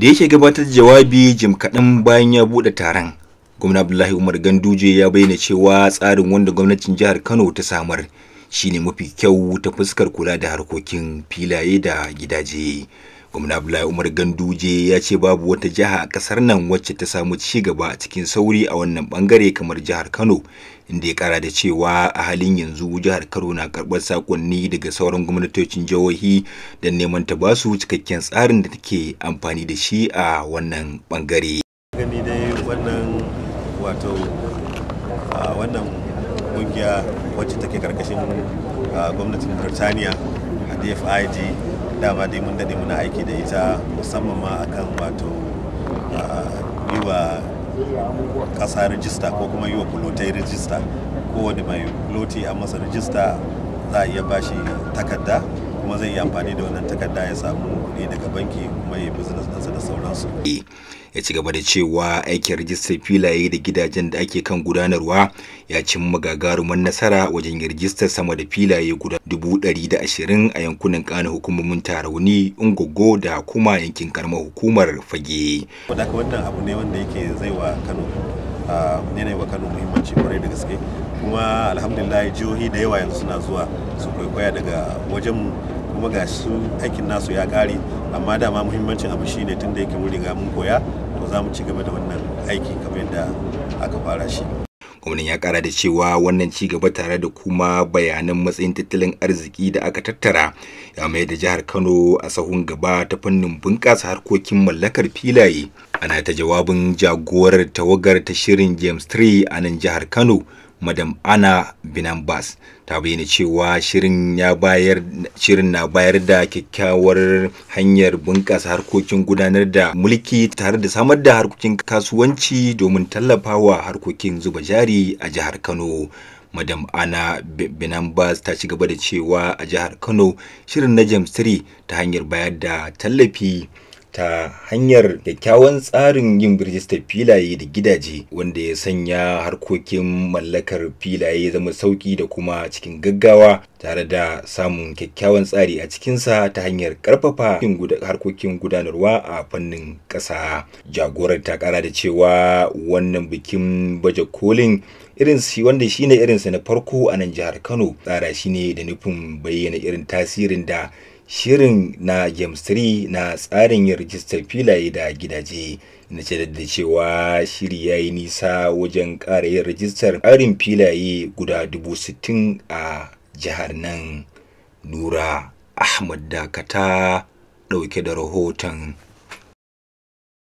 da yake gabatar da jawabi jim kaɗan bayan ya buɗe taron gwamna abdullahi umar ganduje ya bayyana cewa tsarin wanda gwamnatin jihar kano ta samar shine mafi kyau ta fuskar kula da harkokin filaye da gidaje gwamna abdullahi umar ganduje ya ce babu wata jiha a kasar nan wacce ta samu ci gaba a cikin sauri a wannan bangare kamar jihar kano inda ya kara da cewa a halin yanzu jihar kano na karbar sakonni daga sauran gwamnatocin jihohi don neman ta basu cikakken tsarin da take amfani da shi a wannan bangare gani dai wannan wato wannan kungiya wacce take karkashin gwamnatin birtaniya a dfid dama dai mun dade muna aiki da ita musamman ma akan wato yi wa ƙasa rijista ko kuma yi wa kulotai rijista kowane mai kuloti a masa rijista za a iya bashi takarda kuma zai yi amfani da wannan takarda ya samu kuɗi daga banki kuma ya yi business ɗansa da sauransu. E, ya ci gaba da cewa aikin rijistar filaye da gidajen da ake kan gudanarwa ya cimma gagaruman nasara wajen rajistar sama da filaye guda dubu ɗari da ashirin a yankunan ƙana hukumomin tarauni ungogo da kuma yankin karamar hukumar fage. ka wannan abu ne wanda yake zaiwa kano ne wa kano muhimmanci kwarai da gaske kuma alhamdulillah jihohi da yawa yanzu suna zuwa su kwaikwaya daga wajen kuma ga su aikin nasu ya kare amma dama muhimmancin abu ne tun da yake mun riga mun koya to za mu ci gaba da wannan aiki kamar yadda aka fara shi gwamnan ya kara da cewa wannan ci gaba tare da kuma bayanan matsayin tattalin arziki da aka tattara ya mai da jihar kano a sahun gaba ta fannin bunƙasa harkokin mallakar filaye ana ta jawabin jagorar tawagar ta shirin james 3 a nan jihar kano madam ana binambas ta bayyana cewa shirin ya bayar shirin na bayar da kyakkyawar hanyar bunƙasa harkokin gudanar da mulki tare da samar da harkokin kasuwanci domin tallafawa harkokin zuba jari a jihar kano madam ana binambas ta ci gaba da cewa a jihar kano shirin na jamsiri ta hanyar bayar da tallafi ta hanyar kyakkyawan tsarin yin rijistar filaye da gidaje wanda ya sanya harkokin mallakar filaye zama sauki da kuma cikin gaggawa tare da samun kyakkyawan tsari a cikinsa ta hanyar karfafa harkokin gudanarwa a fannin ƙasa jagorar ta kara da cewa wannan bikin baje kolin irin shi wanda shine irinsa na farko a nan jihar kano tsara shi ne da nufin bayyana irin tasirin da shirin na james 3 na tsarin yin rijistar filaye da gidaje na da cewa shiri ya yi nisa wajen ƙara yin rijistar ƙarin filaye guda 60,000 a jihar nan nura ahmad dakata ɗauke da rahoton